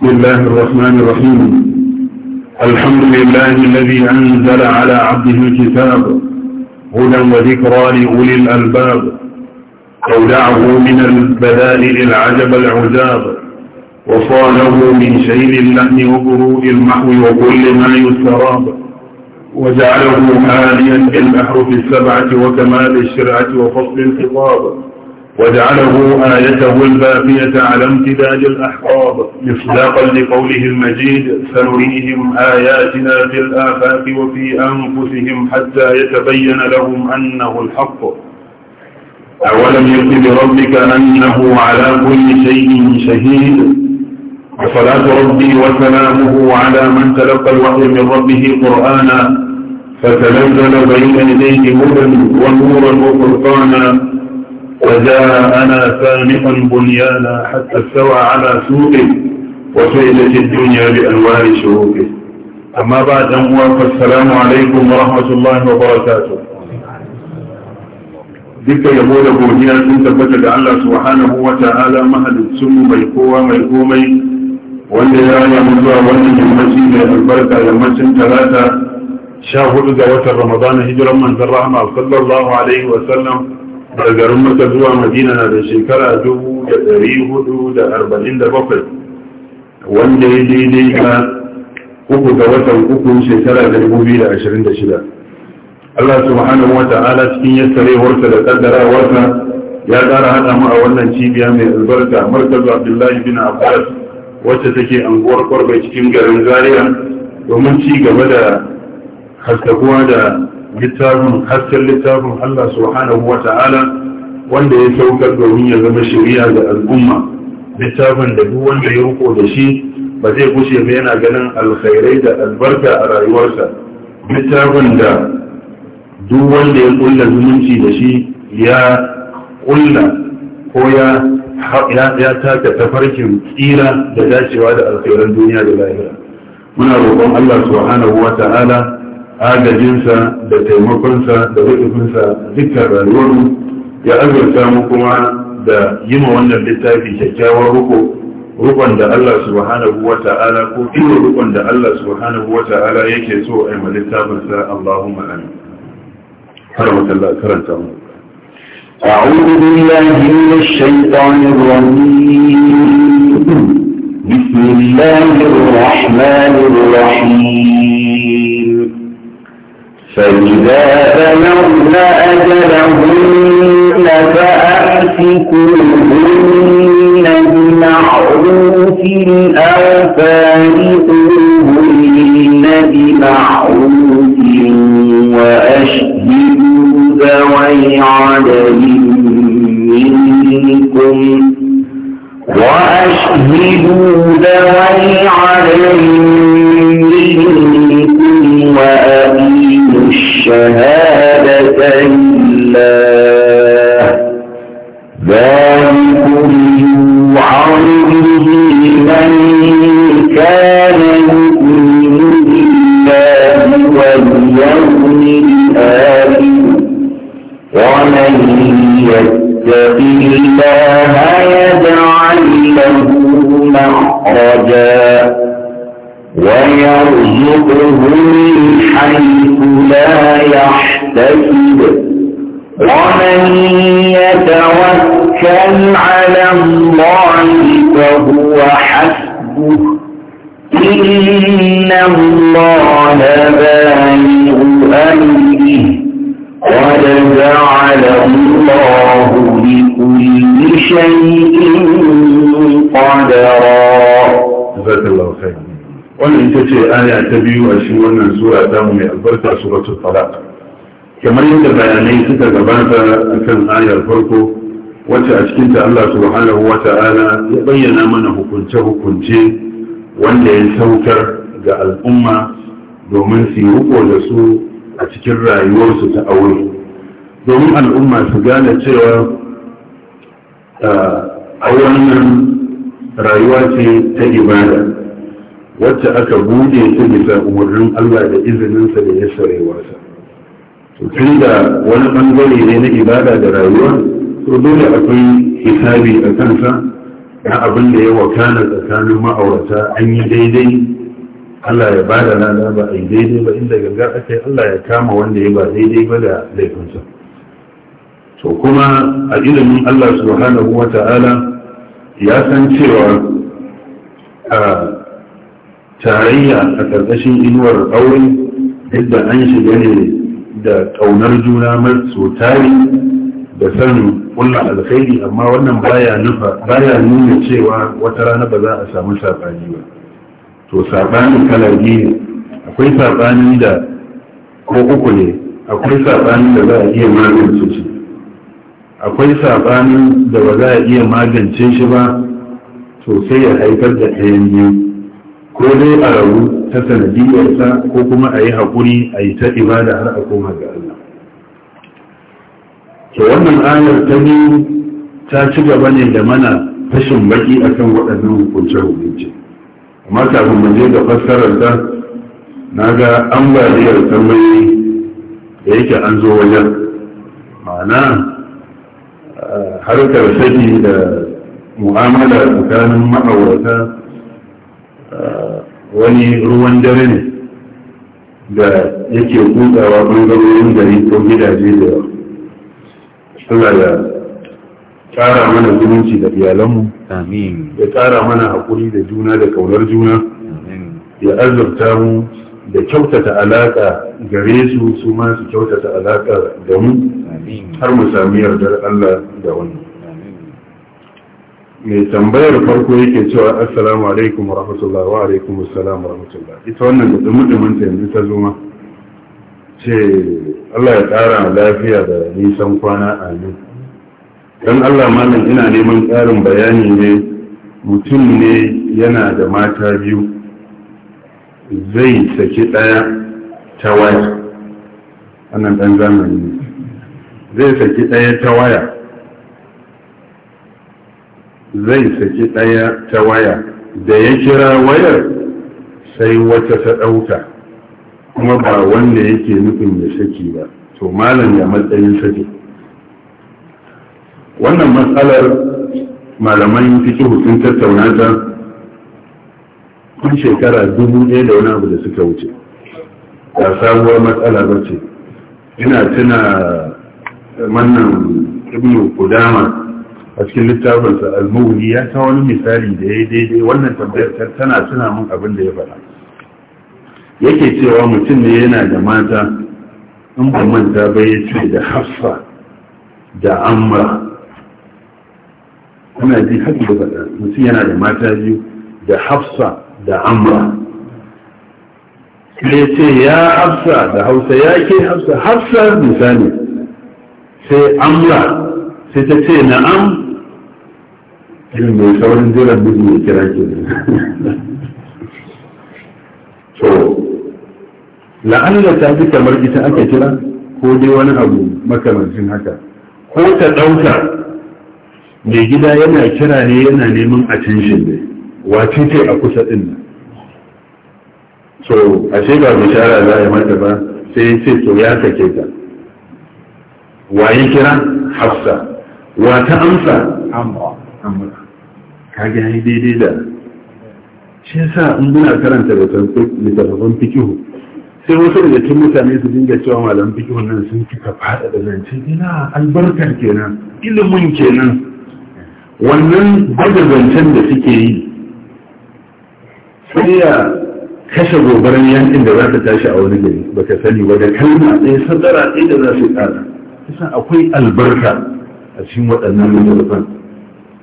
بسم الله الرحمن الرحيم الحمد لله الذي أنزل على عبده الكتاب هدى وذكرى لأولي الألباب أودعه من البدائل العجب العجاب وصاله من شيل اللحن وبروء المحو وكل ما يستراب وجعله آليا بالأحرف السبعة وكمال الشرعة وفصل الخطاب وجعله آيته الباقية على امتداد الأحقاب مصداقا لقوله المجيد سنريهم آياتنا في الآفاق وفي أنفسهم حتى يتبين لهم أنه الحق أولم يكن بربك أنه على كل شيء شهيد وصلاة ربي وسلامه على من تلقى الوحي من ربه قرآنا فتنزل بين يديه هدى ونورا وفرقانا وجاءنا سامحا بنيانا حتى استوى على سوقه وفيدة الدنيا بأنوار شروقه أما بعد أموال فالسلام عليكم ورحمة الله وبركاته ديك يقول أبو هنا أنت فتد على سبحانه وتعالى مهد السم ميقوة ميقومي وليا يا مزا وليا المسيح يا البركة يا مسيح ثلاثة شاهد دعوه رمضان هجرا من ذر رحمة صلى الله عليه وسلم daga garin maka zuwa madina na da shekara dubu da ɗari hudu da arba'in da bakwai wanda ya daidai ga uku ga watan uku shekara da dubu biyu da ashirin da shida allah subhanahu wa ta'ala cikin yassarewarsa da kaddarawarsa ya tsara haɗa mu a wannan cibiya mai albarka markazu abdullahi bin abbas wacce take anguwar kwarbai cikin garin zaria domin ci gaba da haskakuwa da littafin hasken littafin Allah subhanahu wa ta'ala wanda ya saukar domin ya zama shari'a ga al'umma littafin da duk wanda ya riko da shi ba zai gushe ba yana ganin alkhairai da albarka a rayuwarsa littafin da duk wanda ya kulla zumunci da shi ya kulla ko ya ya taka tafarkin tsira da dacewa da alkhairan duniya da lahira muna roƙon Allah subhanahu wa ta'ala agajinsa da taimakonsa da wakifinsa dukkan rayuwarmu ya azurta mu kuma da yi ma wannan littafi kyakkyawar ruko rukon da Allah subhanahu wa ta'ala ko kiwo rukon da Allah subhanahu wa ta'ala yake so a yi ma littafinsa Allahumma amin. Karamatallah karanta mu. أعوذ بالله من الشيطان الرجيم بسم الله الرحمن الرحيم فإذا بلغن أجلهن فأمسكوهن بمعروف أو فارقوهن بمعروف وأشهدوا ذوي عدل منكم وأشهدوا ذوي عدل منكم الشهادة إلا ذلكم يوعظ به من كان يؤمن بالله واليوم الآخر ومن يتق الله يجعل له مخرجا ويرزقه من حيث لا يحتسب ومن يتوكل على الله فهو حسبه إن الله بالغ أمره قد جعل الله لكل شيء قدرا جزاك الله خيرا wannan ita ce aya ta biyu a shi wannan sura ta mu mai albarka suratul talaq kamar yadda bayanai suka gabata kan ayar farko wacce a cikin ta Allah subhanahu wa ta'ala ya bayyana mana hukunce hukunce wanda ya saukar ga al'umma domin su yi riko da su a cikin rayuwarsu ta aure domin al'umma su gane cewa a ah, wannan rayuwa ce ta ibada wacce aka buɗe ta bisa umarnin Allah da izininsa da yassarewarsa to tun da wani bangare ne na ibada da rayuwa to dole akwai hisabi a kansa na abin da ya wakana tsakanin ma'aurata an yi daidai Allah ya bada lada ba a yi daidai ba inda gangar aka yi Allah ya kama wanda ya ba daidai ba da laifinsa to kuma a ilimin Allah subhanahu wa ta'ala ya san cewa a. Ah, tarayya a ƙarƙashin inuwar aure yadda an shiga ne da ƙaunar juna masu tari da san kulla alkhairi amma wannan baya nufa baya nuna cewa wata rana ba za a samu saɓani ba to saɓani kala biyu akwai saɓani da ko uku ne akwai saɓani da za a iya magance shi akwai saɓanin da ba za a iya magance shi ba to sai ya haifar da ɗayan biyu ko dai a rabu ta sanadiyarsa ko kuma a yi haƙuri a yi ta ibada har a koma ga Allah to wannan ayar ta biyu ta ci gaba ne da mana fashin baki kan waɗannan hukunce hukunce amma kafin mu je ga fassarar ta na ga ambaliyar tambayi da yake an zo wajen ma'ana eh, harkar saki da mu'amala tsakanin ma'aurata wani ruwan dare ne da yake kutsawa ɓangarorin gari ko gidaje da yawa suna da ƙara mana zumunci da iyalanmu ya ƙara mana haƙuri da juna da ƙaunar juna ya azurta mu da kyautata alaƙa gare su su ma kyautata alaƙa da mu har mu sami yardar Allah da wannan mai tambayar farko yake cewa assalamu alaikum wa rahmatullah wa alaikum assalam wa rahmatullah ita wannan da dumin ta yanzu ta zo ma ce Allah ya ƙara lafiya da nisan kwana amin dan Allah malam ina neman ƙarin bayani ne mutum ne yana da mata biyu zai saki ɗaya ta waya wannan dan zamani zai saki ɗaya ta waya zai saki ɗaya ta waya da ya kira wayar sai wata ta ɗauka kuma ba wanda yake nufin ya saki ba to malam ya matsayin saki wannan matsalar malaman fiki sun tattauna ta kun shekara dubu ɗaya da wani abu da suka wuce ba sabuwar matsala ba ce ina tuna wannan ibnu kudama a cikin littafin sa al-mughni ya ta wani misali da yayi daidai wannan tambayar tana tuna mun abin da ya faɗa yake cewa mutum ne yana da mata in ba manta ba ya ce da hafsa da amra ana ji haƙi da faɗa mutum yana da mata biyu da hafsa da amra sai ce ya hafsa da hausa ya ke hafsa hafsa misali sai amra sai ta ce na'am irin mai saurin jiran duk mai kira ke to la'alla ta fi kamar ita aka kira ko dai wani abu makamancin haka ko ta ɗauka mai gida yana kira ne yana neman cinshin ne wace ce a kusa ɗin nan so ashe ba bishara za a yi mata ba sai ce to ya sake ta waye kira hafsa wata amsa amma kage daidai da shi yasa in muna karanta littattafan fikihu sai wasu daga cikin mutane su dinga cewa malam fikihu nan sun fita fada da zance ina albarkar kenan ilimin kenan wannan gada zancen da suke yi sai ya kashe gobarar yankin da za ta tashi a wani gari ba sani ba da kalma ɗaya sadara ɗaya da za su yi tsada. kusan akwai albarka a cikin waɗannan littattafan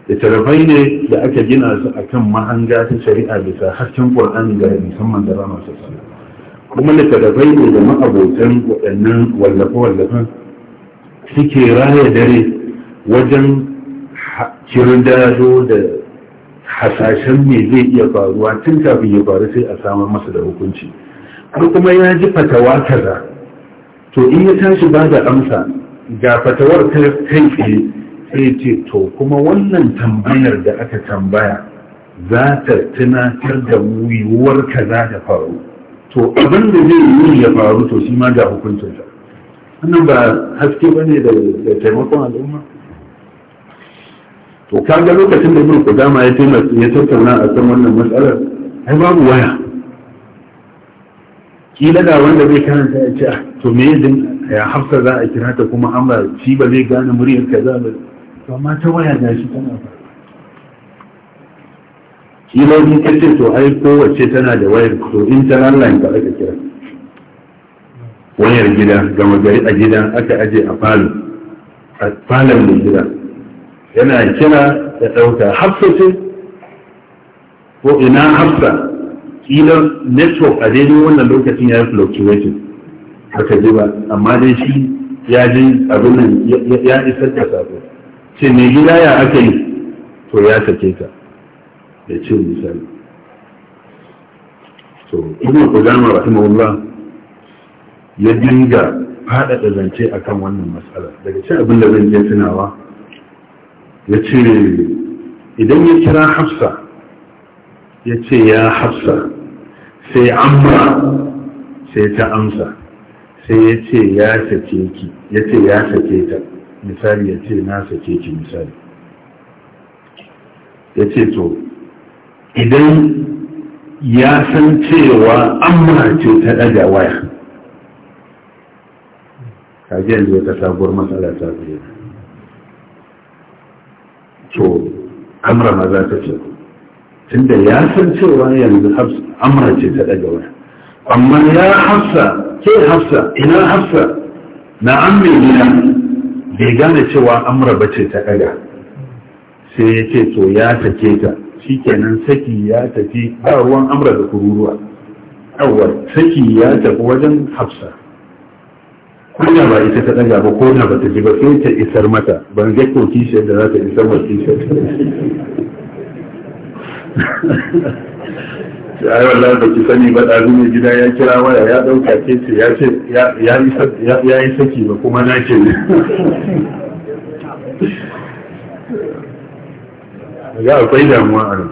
littattafai ne da aka gina su akan mahanga ta shari'a bisa hasken qur'ani da da rana ta sana kuma littattafai ne da ma'abotan waɗannan wallafe-wallafen suke raya dare wajen kirdado da hasashen mai zai iya faruwa tun kafin ya faru sai a samar masa da hukunci ko kuma ya ji fatawa kaza to in ya tashi ba da amsa ga fatawar ta kai tsaye sai ce to kuma wannan tambayar da aka tambaya za ta tunatar da mu ka kaza ta faru to abin da zai yi ya faru to shi ma ga ta. wannan ba haske ba ne da taimakon al'umma to kaga lokacin da ibn qudama ya taimaka ya tattauna a kan wannan matsalar ai babu waya kila da wanda zai karanta ya ce ah, to me ya hafsa za a kira ta kuma ba shi ba zai gane muryar kaza ba to ta waya ga shi tana ba kila in ka ce to ai kowace tana da wayar to in ta online ka aka kira wayar gida gama gari a gida aka aje a falo a falon mai gida yana kira ya ɗauka hafsa ko ina hafsa kila network a daidai wannan lokacin ya fluctuating haka ji ba amma dai shi ya ji abin nan ya isar da sabo ce mai gida ya aka yi to ya sake ka da cin misali to ibn qudama rahimahullah ya dinga faɗaɗa zance akan wannan matsala daga ci abin da zan tunawa ya ce idan ya kira hafsa ya ce ya hafsa sai amma sai ta amsa sai ya ce ya sake ki ya ce ya sake ta misali ya ce na sake ki misali ya ce to idan ya san cewa an ce ta ɗaga waya kajiyar yanzu ta sabuwar matsala ta fiye to amra ma za ta ce tunda ya san cewa yanzu amra ce ta ɗaga waya amma ya hafsa ke hafsa ina hafsa na an mai gida bai gane cewa amra ba ce ta ɗaga sai ya ce to ya take ta shikenan saki ya tafi ba ruwan amra da kururuwa yawwa saki ya tafi wajen hafsa kunya ba ita ta ɗaga ba ko na ba ta ji ba sai ta isar mata ban ga ko kishiyar da za ta isar wa kishiyar ya yi wallahi ba sani ba da zuwa gida ya kira waya ya ɗauka ke ce ya ce ya yi saki ba kuma na ke ne ga akwai damuwa a nan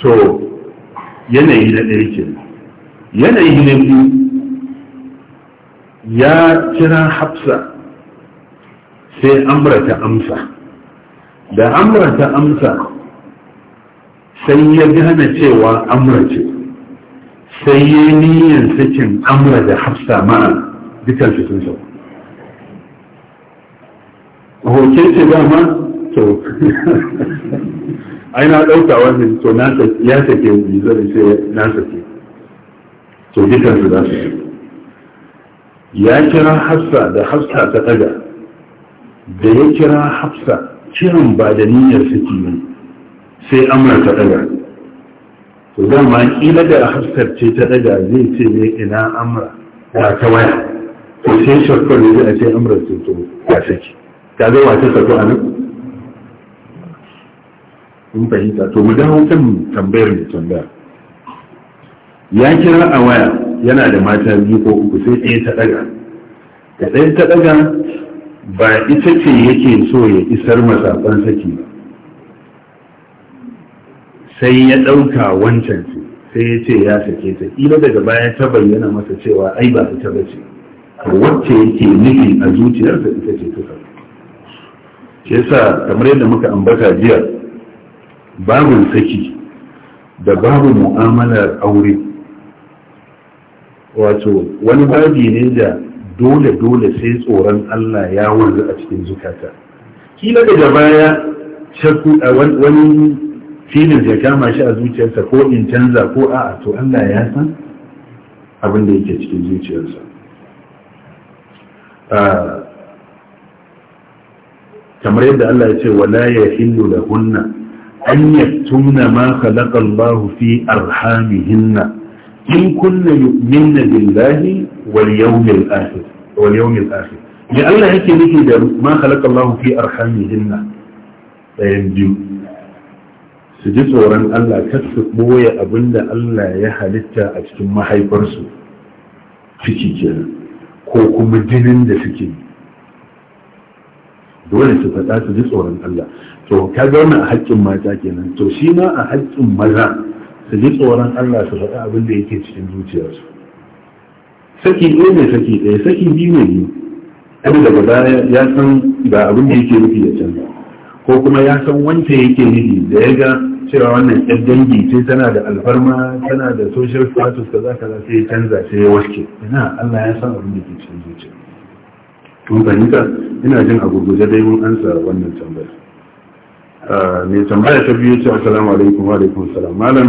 to yanayi na ɗaya ke yanayi na biyu ya kira hafsa sai amra ta amsa da amra ta amsa sai ya gane cewa amra ce sai ya yi niyyar sakin amra da hafsa ma'a dukkan su sun sauka hoke ce dama to ai na ɗauka wani to ya sake wuri zai ce na sake to dukkan su za su ya kira hafsa da hafsa ta ɗaga da ya kira hafsa kiran ba da niyyar saki ne sai amurka ta daga to dama kila da hafsar ce ta daga zai ce ne ina amra ya ta waya to sai shakkar ne a ce amra ce to ya saki ta zai wata sako a nan In fahimta to mu dawo kan tambayar mu tambaya ya kira a waya yana da mata biyu ko uku sai ɗaya ta daga da ɗaya ta daga ba ita ce yake so ya isar masafan saki ba sai ya ɗauka wancan ce sai ya ce ya sake ta ƙila daga baya ta bayyana masa cewa ai ba ita ba ce wacce yake nufi a zuciyarsa ita ce ta sauka shi yasa kamar yadda muka ambata jiya babu saki da babu mu'amalar aure wato wani babi ne da dole-dole sai tsoron Allah ya wanzu a cikin zukata kila daga baya wani filin zai kama shi a zuciyarsa ko in canza ko a a to Allah ya san abin da yake cikin zuciyarsa kamar yadda Allah ya ce wala ya da hunna an yi yaktumna ma khalaqa Allah fi arhamihinna in kunna yu'minna billahi wal yawmil akhir wal yawmil akhir ya Allah yake nufi da ma khalaqa Allah fi arhamihinna ɗayan biyu su ji tsoron Allah kar su ɓoye abin da Allah ya halitta a cikin mahaifarsu ciki kenan ko kuma jinin da suke dole su faɗa su ji tsoron Allah to ka ga wannan a haƙƙin mata kenan to shi ma a haƙƙin maza su ji tsoron Allah su faɗa abin da yake cikin zuciyarsu saki ɗaya ne saki ɗaya saki biyu ne biyu abin da ba ya san ba abin da yake nufi ya canza ko kuma ya san wanda yake nufi da ya ga cewa wannan yan dangi ce tana da alfarma tana da social status kaza za sai ya canza sai ya waske ina Allah ya san abin da ke cikin zuciya kun fahimta ina jin a gurguje dai mun ansa wannan tambaya ah, mai tambaya ta biyu ce assalamu alaikum wa alaikum salam malam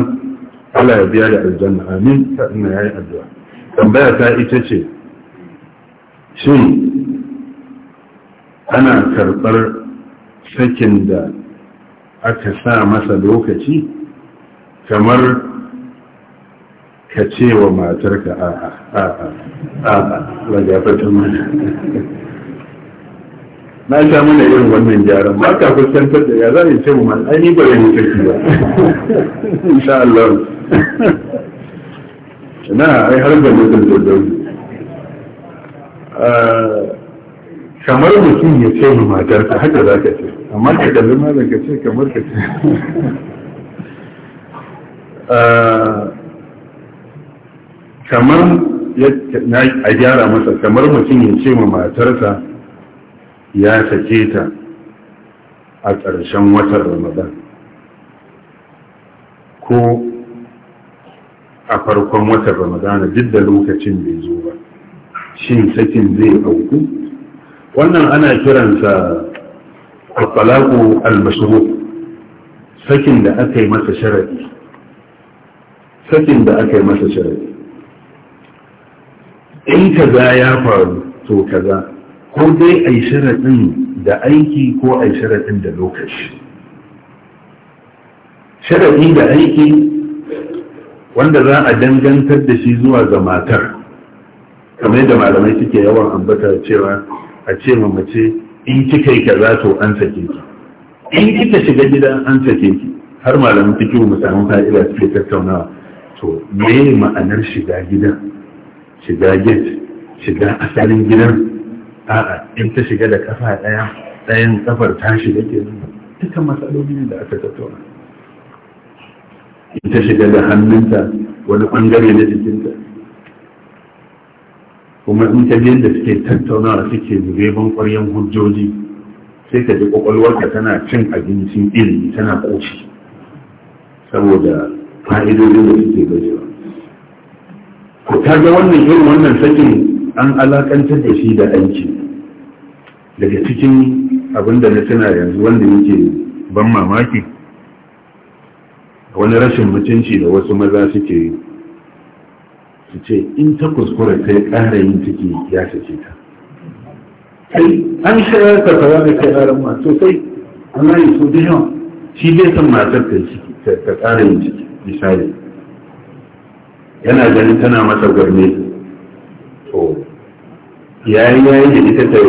Allah ya biya da aljanna amin ta ina yayi addu'a tambaya ta ita ce shin ana karɓar sakin da aka sa masa lokaci kamar ka ce wa matarka a a a ragafata mana na sha mana irin wannan gyaran ba ka fuskantar da ya za a ce mu man aini ba yin tafi ba insha Allah na ai har da mutum da dauri kamar mutum ya ce wa matarka haka za ka ce Kamar ka kalli malam ka ce kamar ka ce eh, kamar a gyara masa kamar mutum ya ce ma matarsa ya sake ta a ƙarshen watan ramadan ko a farkon watan Ramadan duk da lokacin bai zo ba shin sakin zai auku wannan ana kiransa al-talaqu al sakin da aka yi masa sharadi sakin da aka yi masa sharadi in kaza ya faru to kaza ko dai ai sharadin da aiki ko ai sharadin da lokaci sharadi da aiki wanda za a dangantar da shi zuwa ga matar kamar da malamai suke yawan ambata cewa a ce mace in kika yi kaza to an sake ki in kika shiga gida an sake ki har malamin fikihu mu samu fa'ida suke tattaunawa to me ma'anar shiga gidan shiga gate shiga asalin gidan a'a in ta shiga da kafa daya ɗayan kafar ta shiga ke dukkan matsaloli ne da aka tattauna in ta shiga da hannunta wani bangare na jikinta kuma in ta biyan da suke tattaunawa suke zube ban hujjoji sai ka ji ka tana cin abincin ilimi tana ƙoci saboda fa'idodin da suke gajewa ku ta ga wannan irin wannan sakin an alakantar da shi da aiki daga cikin abin da na tana yanzu wanda yake ban mamaki wani rashin mutunci da wasu maza suke yi su ce in ta kuskura ta yi ƙara yin ciki ya sake ta kai an shayar ta fara da kai ƙarar ma sosai an yi so da yawa shi bai san matar ta ciki ta ƙara yin ciki misali yana ganin tana masa gwarne to yayi yayi da ita ta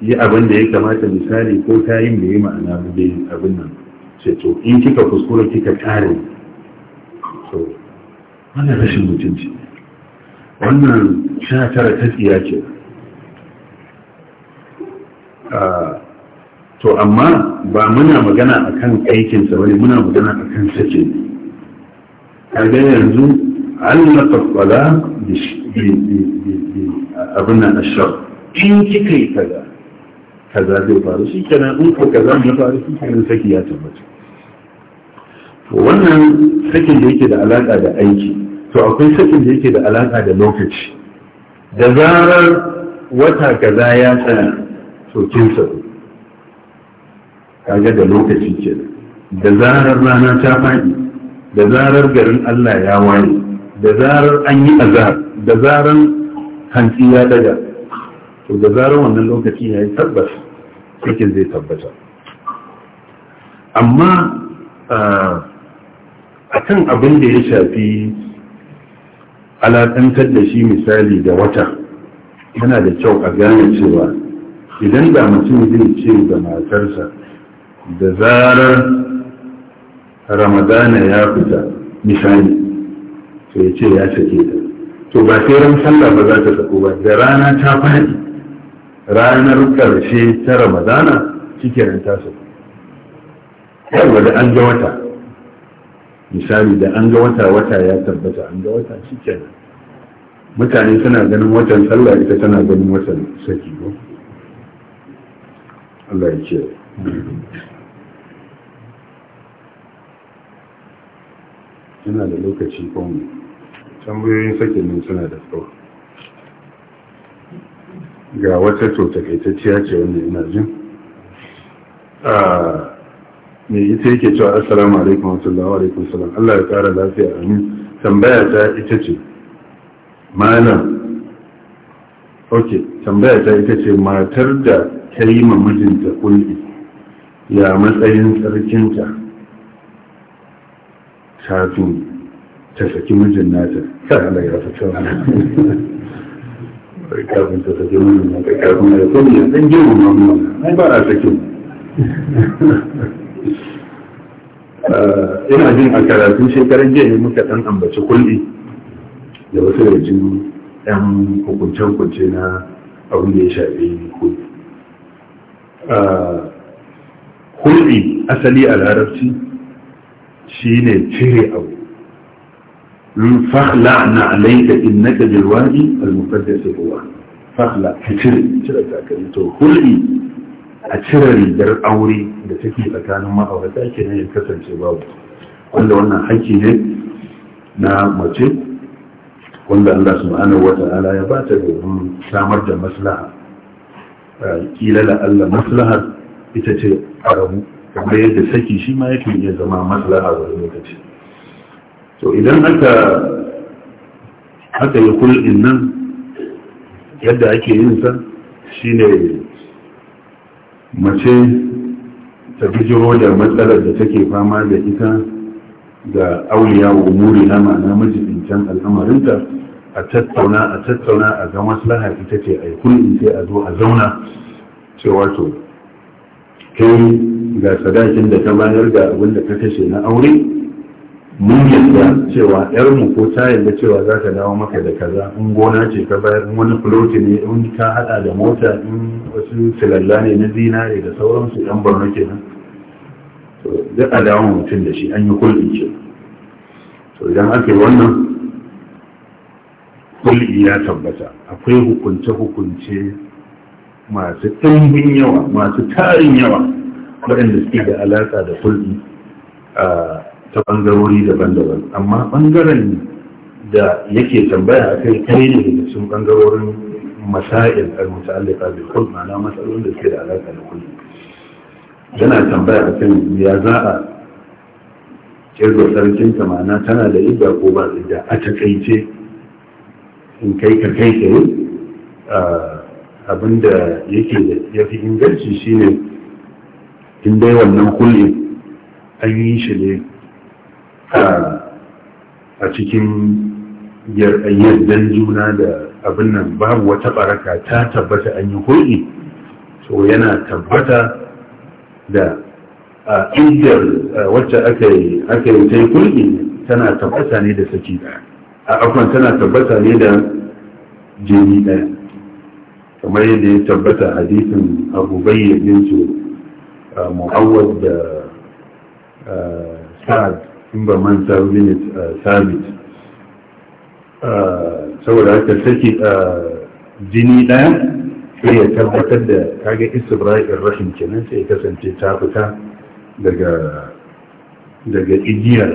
yi abin da ya kamata misali ko ta yi da ya ma'ana da abin nan ce to in kika kuskura kika ƙare to wannan rashin mutunci wannan sha tara ta tsiya ke ah, to amma ba muna magana a kan aikinsa wani muna magana a kan a ga yanzu allaka kwala abin nan ashar in kika yi kaza kaza zai faru shi kenan in ko kaza zai faru shi kenan saki ya tabbata wannan sakin da yake da alaka da aiki to akwai sakin da yake da alaka da lokaci da zarar wata gaza ya tsaya to kin Ka kaga da lokaci ke da zarar rana ta faɗi da zarar garin Allah ya waye da zarar an yi azar. da zarar hantsi ya daga to da zarar wannan lokaci ya yi tabbas sakin zai tabbata amma ah, akan abin da ya shafi alaƙantar da shi misali da wata yana da kyau a gane cewa idan da mutum zai ce da matarsa da zarar ramadana ya fita misali to ya ce ya sake ta to ba sai ran sallah ba za ta sako ba da rana ta faɗi ranar ƙarshe ta ramadana shi ta sako yawa da an ga wata misali da an ga wata wata ya tabbata an ga wata shikenan mutane suna ganin watan sallah ita tana ganin watan saki ko Allah ya ce yana da lokaci ko mu tambayoyin sakin nan suna da tsawo ga wata to takaitacciya ce wanda ina jin ah, mai ita yake cewa assalamu alaikum wa sallallahu wa sallam Allah ya kara lafiya amin tambaya ta ita ce malam Okay. tambaya ta ita ce matar da ta yi ma mijinta kulli ya matsayin tsarkinta kafin ta saki mijin nata sai Allah ya fata wani kafin ta saki mijin nata kafin ya kuma ya mamman ba a Eh, ina jin a karatun shekaran jiya muka dan ambaci kulli da wasu da jin yan hukunce-hukunce na abin da ya shafi kulli eh, kulli asali a larabci shi ne cire abu fahla na alaika innaka bilwadi al-muqaddas ruwa fahla ka cire cire takari to kulli a cire rigar aure da take tsakanin ma'aurata ke kenan ya kasance babu wanda wannan haƙƙi ne na mace wanda Allah subhanahu wa ta'ala ya bata domin samar da maslaha kila la Allah maslaha ita ce a rabu kamar yadda saki shi ma yake iya zama maslaha wani lokaci to idan aka aka yi kul'in nan yadda ake yin sa shine mace ta bijiro da matsalar da take fama da ita ga auliya wa umuri na ma'ana majibincan al'amarinta a tattauna a tattauna a ga maslaha ita ce a yi sai a zo a zauna cewa to kai ga sadakin da ta bayar ga abin da ta kashe na aure mun yadda cewa yar mu ko ta yadda cewa za ta dawo maka da kaza in gona ce ka bayar in wani floti ne in ka hada da mota in wasu silalla ne na zinare da sauransu yan borno nan to duk a dawo mutum da shi an yi kulɗi ce to idan aka yi wannan kulɗi ya tabbata akwai hukunce hukunce masu ɗumbin yawa masu tarin yawa waɗanda suke da alaƙa da kulɗi a ta bangarori daban-daban amma bangaren da yake tambaya a kai kai ne da sun bangarorin masail a mutaalliqa bil kul ma'ana matsalolin da suke da alaƙa da kulli yana tambaya a kan ya za a ƙirga sarkin ta ma'ana tana da idda ko ba idda a takaice in kai ka kai ka yi abinda yake ya fi inganci shine in dai wannan kullum an yi shi ne a cikin yardan juna da abin nan babu wata baraka ta tabbata an yi hulɗi so yana tabbata da a indiyar wacce aka yi ta yi hulɗi tana tabbata ne da saki ɗaya a afon tana tabbata ne da jini ɗaya kamar yadda ya tabbata hadisin abu bayyadin su mu'awar da sa'ad in ba manta bin uh, sabit uh, saboda haka saki uh, jini ɗaya sai ya tabbatar da kage istibra'ir rashin kenan sai ya kasance ta fita daga daga igiyar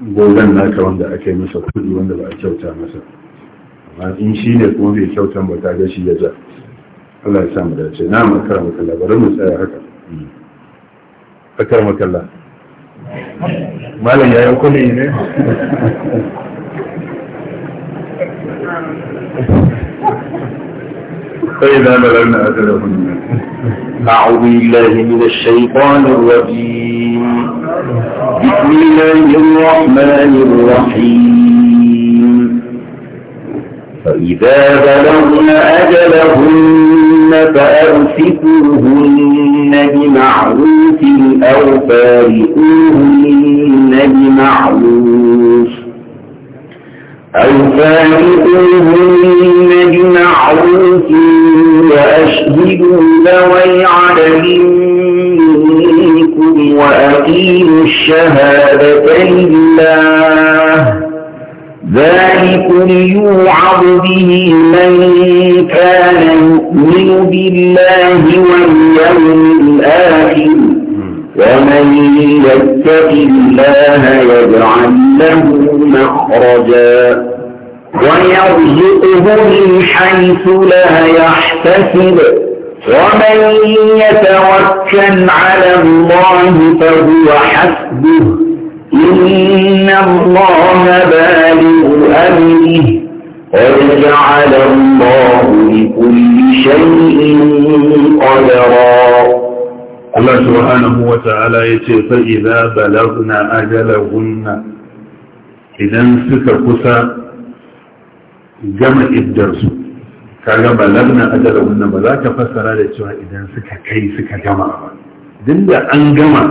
gogon naka wanda aka yi masa kudi wanda ba a kyauta masa amma in shi ne kuma bai kyauta ba ta gashi ya za Allah ya samu dace na makara makalla bari mu tsaya haka hmm. akar makalla malam ya yi kuli ne فإذا بلغنا أجلهن أعوذ بالله من الشيطان الرجيم بسم الله الرحمن الرحيم فإذا بلغنا أجلهن فأمسكوهن بمعروف أو فارقوهن بمعروف أو فارقوهن بمعروف وأشهدوا ذوي عدل منكم وأقيموا الشهادة لله ذلك ليوعظ به من كان يؤمن بالله واليوم الآخر ومن يتق الله يجعل له مخرجا ويرزقه من حيث لا يحتسب ومن يتوكل على الله فهو حسبه إن الله بالغ أمره قد الله لكل شيء قدرا الله سبحانه وتعالى يتي فإذا بلغنا أجلهن إذا سك كسا جمع الدرس كما بلغنا أجلهن بلاك فسر هذا إذا سك كي سك جمع دل أن جمع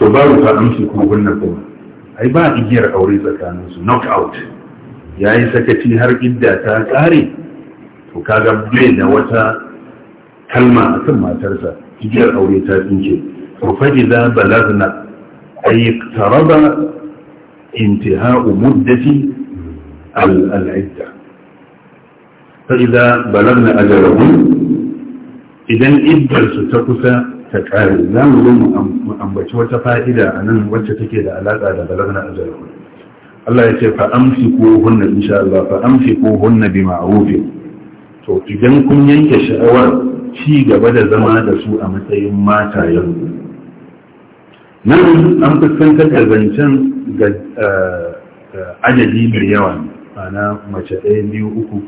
تبارك أمسكم هن ai ba igiyar aure tsakaninsu knockout ya yi sakaci har idda ta kare to kaga bai da wata kalma a kan matarsa igiyar aure ta tsinke to faɗi za balagna ai taraba intiha'u muddati al'idda fa idza balagna ajalahum idan iddarsu ta kusa ta ƙare za mu zo mu ambaci wata fa'ida a nan wacce take da alaƙa da balagna a zarafin Allah ya ce fa amsi ko hunna insha Allah fa ko hunna bi ma'rufi to idan kun yanke sha'awar ci gaba da zama da su a matsayin mata yanzu nan an fuskantar da zancen ga adadi mai yawa ana mace ɗaya biyu uku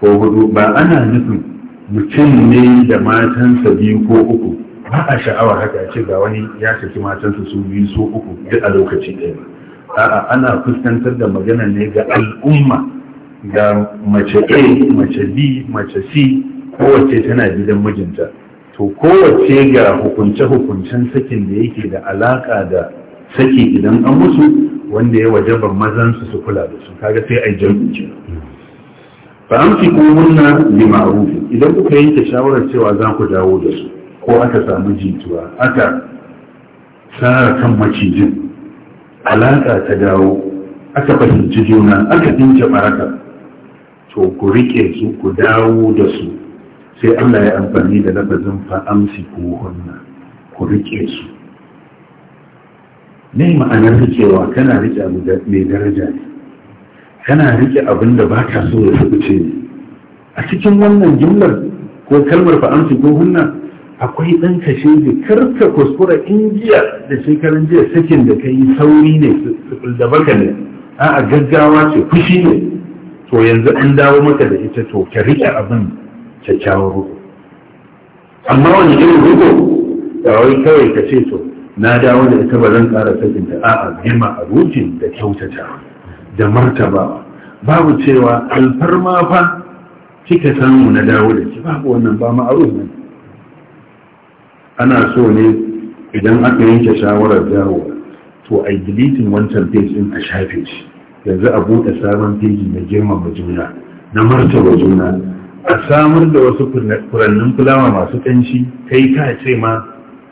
ko hudu ba ana nufin mutum ne da matansa biyu ko uku ba a sha'awar haka ce ga wani ya saki matansa su biyu su uku duk a lokaci ɗaya a'a ana fuskantar da magana ne ga al'umma ga mace a mace b mace c kowace tana gidan mijinta to kowace ga hukunce-hukuncen sakin da yake da alaka da saki idan an musu wanda ya wajaba mazan su su kula da su kaga sai a jam'ice fa ko munna bi ma'ruf idan kuka yanke shawarar cewa za ku dawo da su ko aka samu jituwa aka tsara kan macijin alaƙa ta dawo aka fahimci juna aka ɗinke baraka to ku riƙe su ku dawo da su sai Allah ya amfani da lafazin fa'amsi ko hunna ku riƙe su ne ma'anar riƙewa kana riƙe abu mai daraja ne kana riƙe abin da ba ka so ya fi ne a cikin wannan jimlar ko kalmar fa'amsi ko hunna akwai ɗan kashe da karka kuskura in da shekaran jiya sakin da ka yi sauri ne da baka ne a gaggawa ce fushi ne to yanzu an dawo maka da ita to ka riƙe abin kyakkyawar rubo amma wani irin rubo da wai kawai ka ce to na dawo da ita ba zan ƙara sakin ta a'a gima a rujin da kyautata da martaba. babu cewa alfarma fa kika samu na dawo da shi. babu wannan ba ma'aruf ne ana so ne idan aka yanke shawarar dawo to a yi dilitin wancan page din a shafe shi yanzu a buɗe sabon page na girmama juna na martaba juna a samar da wasu furannin fulawa masu kanshi kai ka ce ma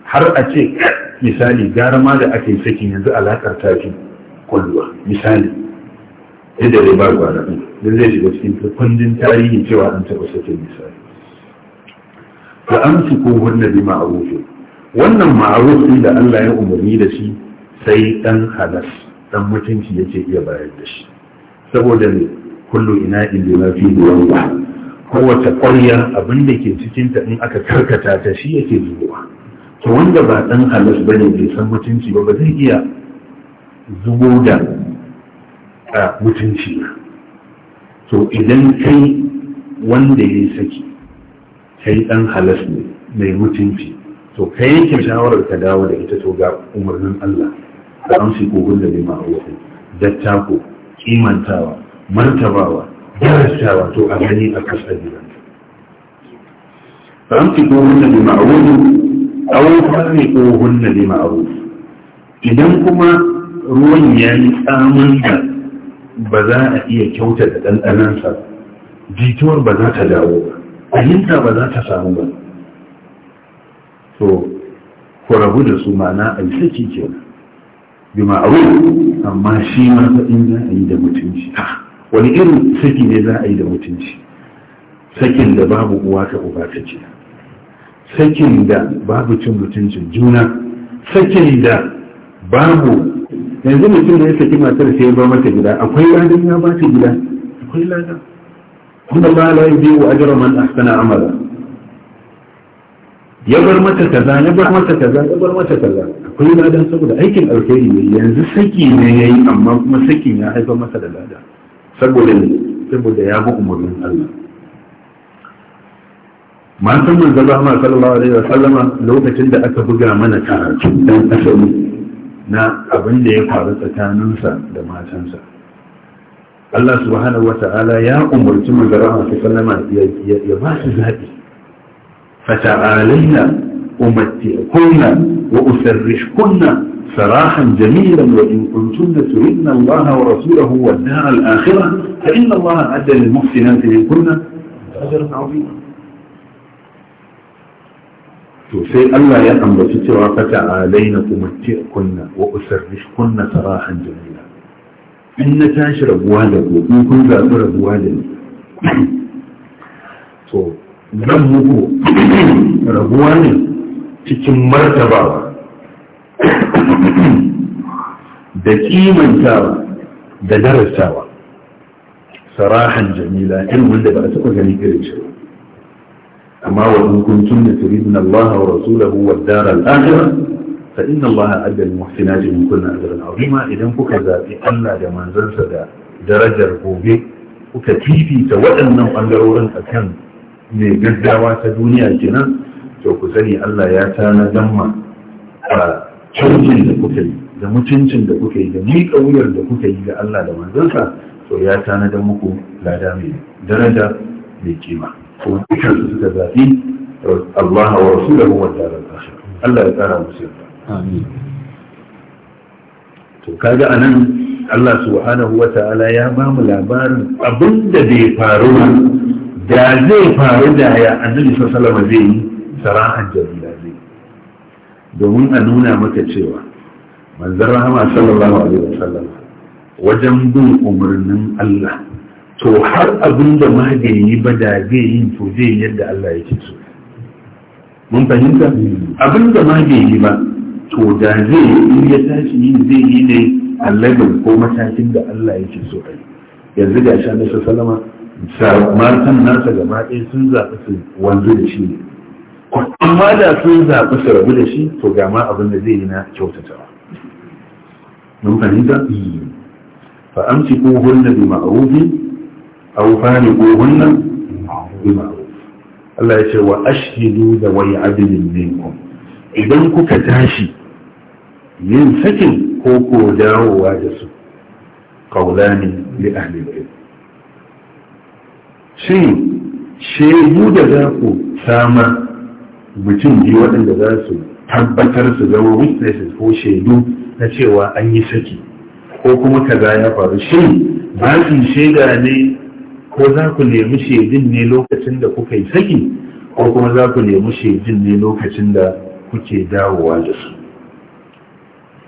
har a ce misali gara ma da ake sakin yanzu ta tafi kwallo misali yadda zai ba gwara ɗin zai shiga cikin kundin tarihi cewa an taɓa sakin misali fa amsikuhunna bi ma'ruf wannan ma'ruf da Allah ya umarni da shi sai dan halas dan mutunci yake iya bayar da shi saboda ne kullu ina bima fi ruwa kowace ƙwarya abin da ke cikin ta in aka karkata ta shi yake zuwa to wanda ba dan halas bane bai san mutunci ba ba zai iya zubo da mutunci ba to idan kai wanda ya saki kai dan halas ne mai mutunci to kai yanke shawarar ka dawo da ita to ga umarnin Allah ka amsi kogun da bima Allah dattako kimantawa martabawa darasawa to a gani a kasa gidan fa amsi kogun da bima Allah aw farri kogun da bima idan kuma ruwan ya yi tsamin da ba za a iya kyauta da ɗanɗanansa jituwar ba za ta dawo ba fahimta ba za ta samu ba to ku rabu da su ma'ana a yi saki ke bi ma'aru amma shi ma in za a yi da mutunci ah, wani irin saki ne za a yi da mutunci sakin da babu uwa ta uba ta ce sakin da babu cin mutuncin juna sakin da babu yanzu mutum da ya saki matar sai ya ba mata gida akwai ladan ya ba ta gida akwai ladan إن الله لا يضيء أجر من أحسن عملا يبر متى كذا يبر متى كذا يبر متى كذا كل ما دام سبب أيك الكريم ينزل يعني سكينة أي أما مسكينة أي ما سد لا ده سبب لين سبب ده يا بكمر من الله ما سمع الله ما صلى الله عليه وسلم لو تجد أكبر من كان أسلم na abin da ya faru tsakanin sa الله سبحانه وتعالى ya umarci magarama su kana ma ya ya ba su zabi fata'alina umatti'kunna wa جميلا وإن كنتن تريدن الله ورسوله والدار الآخرة فإن الله أدى للمحسنات إن كنا أجرا عظيما تسير الله يا أمر ستوى فتعالينكم اتئكن وأسرشكن سراحا جميلا in na tashi rabuwa da ku in kun zaɓi rabuwa da ni to zan muku rabuwa ne cikin martabawa da kimantawa da darasawa sarahan jamila ilmin wanda ba a taɓa gani irin shi amma wa in kuntum na turidun Allah wa rasulahu wa dara al-akhirah fa inna Allah adda lil muhsinati min kunna ajran azima idan kuka zafi Allah da manzansa da darajar gobe kuka ta waɗannan bangarorin akan mai gaggawa ta duniya kenan to ku sani Allah ya tana damma a canjin da kuka da mutuncin da kuka yi da miƙa wuyar da kuka yi ga Allah da manzansa to ya tana da muku lada mai daraja mai kima kuma dukkan suka zafi Allah wa rasulahu wa darar Allah ya tsara musu amin to kaga anan Allah subhanahu wa ta'ala ya ba mu labarin da bai faru ba da zai faru da ya annabi sallallahu alaihi zai yi sara'an jami'a zai domin a nuna maka cewa manzon rahama sallallahu alaihi wasallam wajen bin umarnin Allah to har abin da ma bai yi ba da zai yi to zai yadda Allah yake so mun fahimta hmm. abin da ma bai yi ba to da zai yi ya tashi yi zai yi ne a level ko matakin da Allah yake so a yanzu ga sha na salama matan nasa gaba ɗaya sun zaɓi su wanzu da shi ne amma da sun zaɓi su rabu da shi to ga ma abin da zai yi na kyautatawa mun fahimta fa amsi ko hunna bi ma'rufi aw fani ko hunna bi ma'ruf Allah ya ce wa ashhidu da wai adilin minkum idan kuka tashi yin sakin ko ko dawowa da su kaulani li ahlil shi shin shaidu da za ku samar mutum biyu waɗanda za su tabbatar su zama witnesses ko shaidu na cewa an yi saki ko kuma kaza ya faru shin ba su shaida ne ko za ku nemi shaidin ne lokacin da kuka yi saki ko kuma za ku nemi shaidin ne lokacin da kuke dawowa da su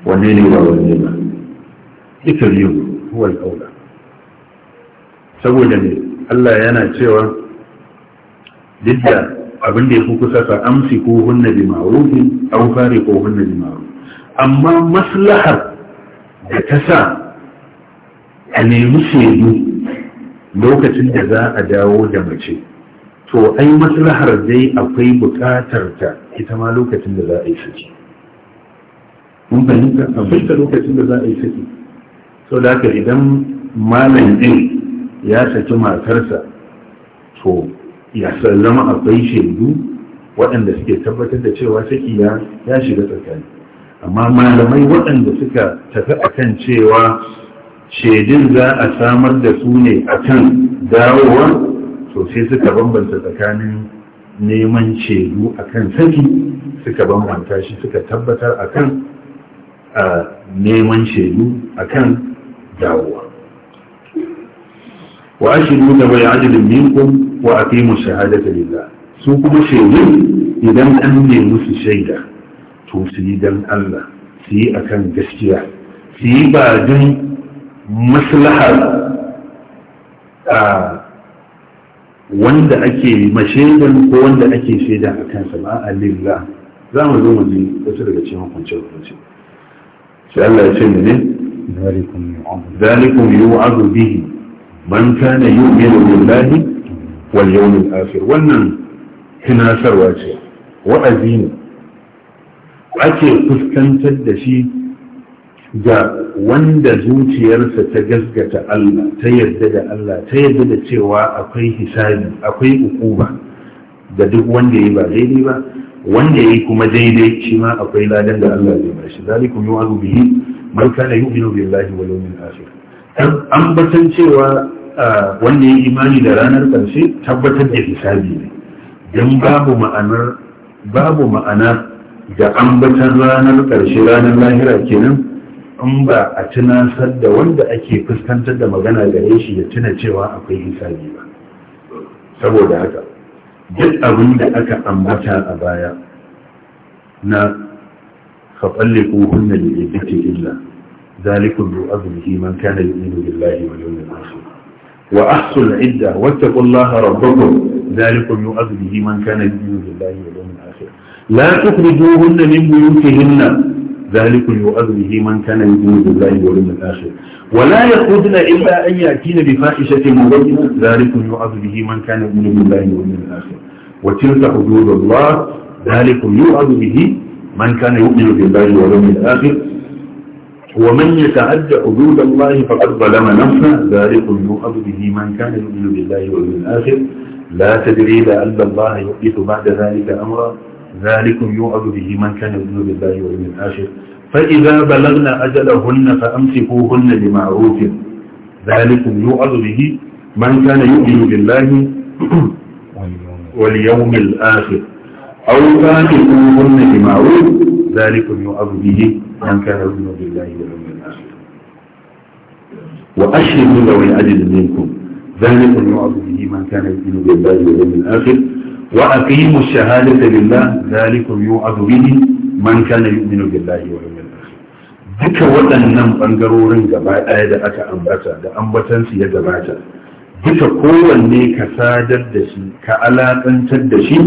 wane ne ba wane ba ita biyu huwa al'aula saboda ne Allah yana cewa duk da abin da ya fi kusa ka amsi ko hunna bi ma'rufin aw fari ko hunna bi ma'ruf amma maslahar da ta sa a nemi shaidu lokacin da za a dawo da mace to ai maslahar dai akwai bukatar ta ita ma lokacin da za a yi saki mun fahimta akwai ta lokacin da za a yi saki sau da haka idan malam ɗin ya saki matarsa to ya zama akwai shaidu waɗanda suke tabbatar da cewa saki ya shiga tsakani amma malamai waɗanda suka tafi a kan cewa shaidun za a samar da su ne a kan dawowa sosai suka bambanta tsakanin neman a kan sani, suka bambanta shi suka tabbatar akan neman a akan dawowa wa ashidu da bai ajilin minkum wa shahada shahadata lillah su kuma shaidu idan an nemi su shaida to su yi dan Allah su yi akan gaskiya su yi ba don maslahar a wanda ake mashaidan ko wanda ake shaida a kansa ba a lillah za mu zo mu wasu daga cikin hukuncin hukunci sai Allah ya ce mu ne zalikum yu'adu bihi man kana yu'minu billahi wal yawmil akhir wannan tunasarwa ce wa'azi ne ake fuskantar da shi ga wanda zuciyarsa ta gaskata Allah ta yarda da Allah ta yarda da cewa akwai hisabi akwai ukuba da duk wanda yi ba daidai ba wanda yi kuma daidai shi ma akwai ladan da Allah zai bashi zalikum yu'azu bihi man kana yu'minu billahi wal yawmil akhir an cewa wanda yi imani da ranar karshe tabbatar da hisabi ne dan babu ma'anar babu ma'ana da ambatan ranar karshe ranar lahira kenan in ba a tunasar da wanda ake fuskantar da magana gare shi ya tuna cewa akwai hisabi ba saboda haka duk abin da aka ambata a baya na faɓalle ƙuhun da ne ake illa zalikun ru'azun himan kana yi inu billahi wa yau da wa ahsul idda wata kullaha rabbakum zalikun ru'azun himan kana yi inu billahi wa yau da la tukhrijuhunna min buyutihinna ذلك يؤذ به من كان يؤمن بالله واليوم الآخر ولا يخرجن إلا أن يأتين بفاحشة مبينة ذلك يؤذ به من كان يؤمن بالله واليوم الآخر وتلك حدود الله ذلك يؤذ به من كان يؤمن بالله واليوم الآخر ومن يتعدى حدود الله فقد ظلم نفسه ذلك يؤذ به من كان يؤمن بالله واليوم الآخر لا تدري لعل الله يحدث بعد ذلك أمرا ذلكم يوعظ به من كان يؤمن بالله واليوم الآخر فإذا بلغنا أجلهن فأمسكوهن بمعروف ذلكم يوعظ به من كان يؤمن بالله واليوم الآخر أو فامسكوهن بمعروف ذلكم يوعظ به من كان يؤمن بالله واليوم الآخر وأشهدوا ذوي عدل منكم ذلكم يوعظ به من كان يؤمن بالله واليوم الآخر وأقيموا الشهادة لله ذلكم يوعظ به من كان يؤمن بالله واليوم الآخر duka waɗannan ɓangarorin gaba ɗaya da aka ambata da ambatansu ya gabata duka kowanne ka sadar da shi ka alaƙantar da shi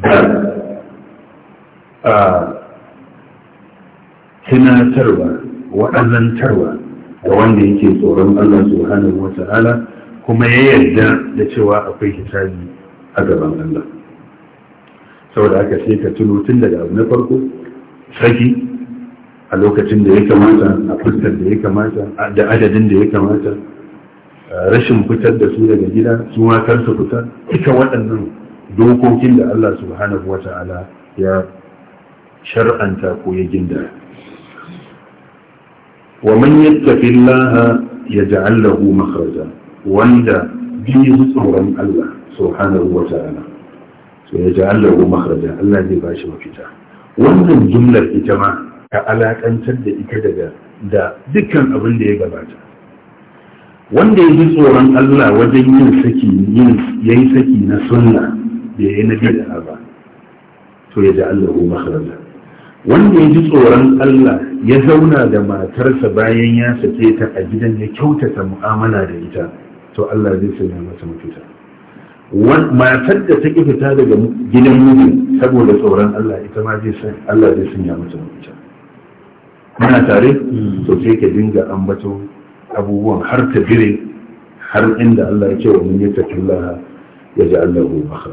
da tunatarwa wa'azantarwa da wanda yake tsoron Allah subhanahu wa ta'ala kuma ya yarda da cewa akwai hisabi a gaban Allah saboda aka sai ka tuno tun daga abu na farko saki a lokacin da ya kamata a fuskar da ya kamata da adadin da ya kamata rashin fitar da su daga gida su ma kansu fita ita waɗannan dokokin da Allah subhanahu ta'ala ya shar'anta ko ya ginda wa man yattaqillaha yaj'al lahu makhraja wanda bi tsoron Allah subhanahu wa ta'ala sai ya ja'alla hu makhraja Allah zai bashi mafita wannan jumlar ita ma ta alakantar da ita daga da dukkan abin da ya gabata wanda ya ji tsoron Allah wajen yin saki yin yayi saki na sunna da yayi na bid'a ba to ya ja'alla hu makhraja wanda ya ji tsoron Allah ya zauna da matarsa bayan ya sake ta a gidan ya kyautata mu'amala da ita to Allah zai sanya masa mafita matar da ta ki fita daga gidan mijin saboda tsoron Allah ita ma zai san Allah zai sanya mata mutunta muna tare hmm. to sai ka dinga ambato abubuwan har ta dire har inda Allah ya ce wa mun yata Allah ya ji Allah ya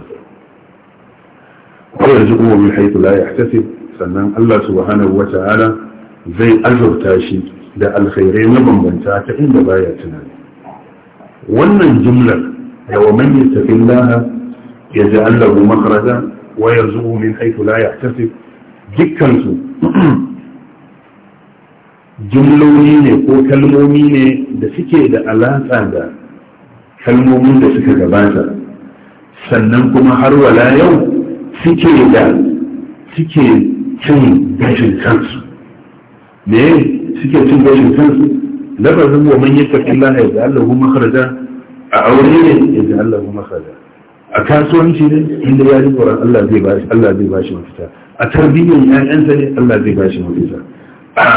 ko yanzu kuma min haythu la yahtasib sannan Allah subhanahu wata'ala zai azurta shi da alkhairai mabambanta ta inda baya tunani wannan jumlar ومن يتق الله يجعل له مخرجا ويرزقه من حيث لا يحتسب dukkan su jumloli ne ko kalmomi ne da suke da alaƙa da kalmomin da suka gabata sannan kuma har wala yau suke da suke cin gashin kansu me suke cin gashin kansu lafazin wa man yattaqi Allah ya ja'al lahu makhraja a aure ne ya ji Allah kuma kaza a kasuwanci ne inda ya ji tsoron Allah zai bashi Allah zai bashi mafita a tarbiyyar ƴaƴansa ne Allah zai bashi mafita a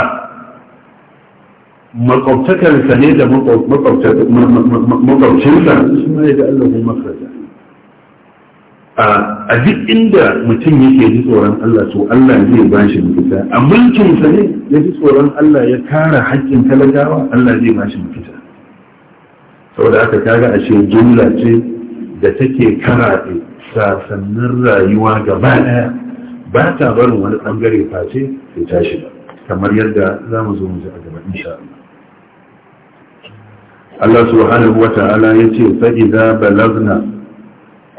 makwabtakarsa ne da makwabcinsa shi ma ya ji Allah kuma kaza a duk inda mutum yake ji tsoron Allah to Allah zai ba shi mafita a mulkinsa ne ya ji tsoron Allah ya kara haƙƙin talakawa Allah zai ba shi mafita saboda aka kaga ashe jumla ce da take karaɗe sasannin rayuwa gaba ɗaya ba ta barin wani ɓangare face ya tashi ba kamar yadda za mu zo mu ji a gaba insha Allah Allah subhanahu wa ta'ala ya ce fa'iza balagna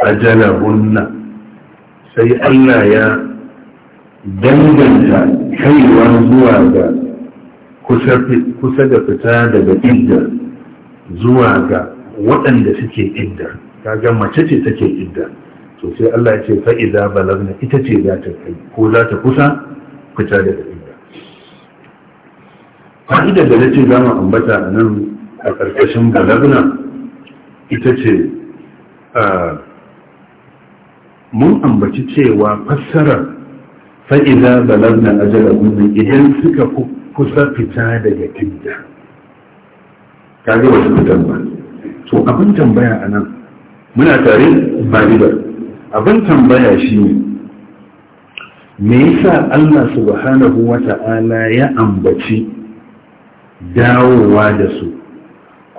ajalahunna sai Allah ya danganta kaiwa zuwa ga kusa da fita daga idda zuwa ga waɗanda suke idda kaga mace ce take idda to sai Allah ya ce idza balagna ita ce za ta kai ko za ta kusa fita daga idda fa'idar da nace za mu ambata a nan a ƙarƙashin balagna ita ce mun ambaci cewa fassarar fa'iza balagna ajalahunna idan suka kusa fita daga idda ka ga wasu fitar ba to abin tambaya a nan muna tare ba abin tambaya shi ne me yasa Allah subhanahu wa ta'ala ya ambaci dawowa da su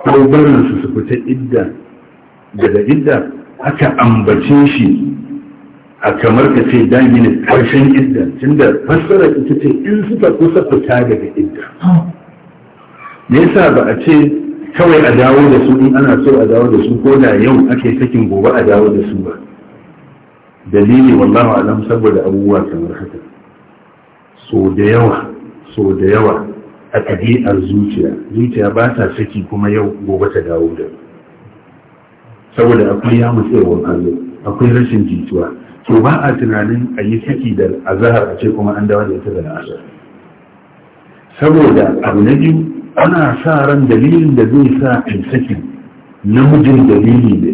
ko barinsu su fita idda daga idda aka ambace shi a kamar ka ce dangin karshen idda tunda fassara ita ce in suka kusa fita daga idda oh. me yasa ba a ce kawai a dawo da su in ana so a dawo da su ko da yau ake sakin gobe a dawo da su ba dalili wallahu alam saboda abubuwa kamar haka so da yawa so da yawa a ɗabi'ar zuciya zuciya ba ta saki kuma yau gobe ta dawo da saboda akwai ya mutsewar hannu akwai rashin jituwa to ba a tunanin a yi saki da azahar a ce kuma an dawo da ita da asar saboda abu na biyu ana sa ran dalilin da zai sa in saki namijin dalili ne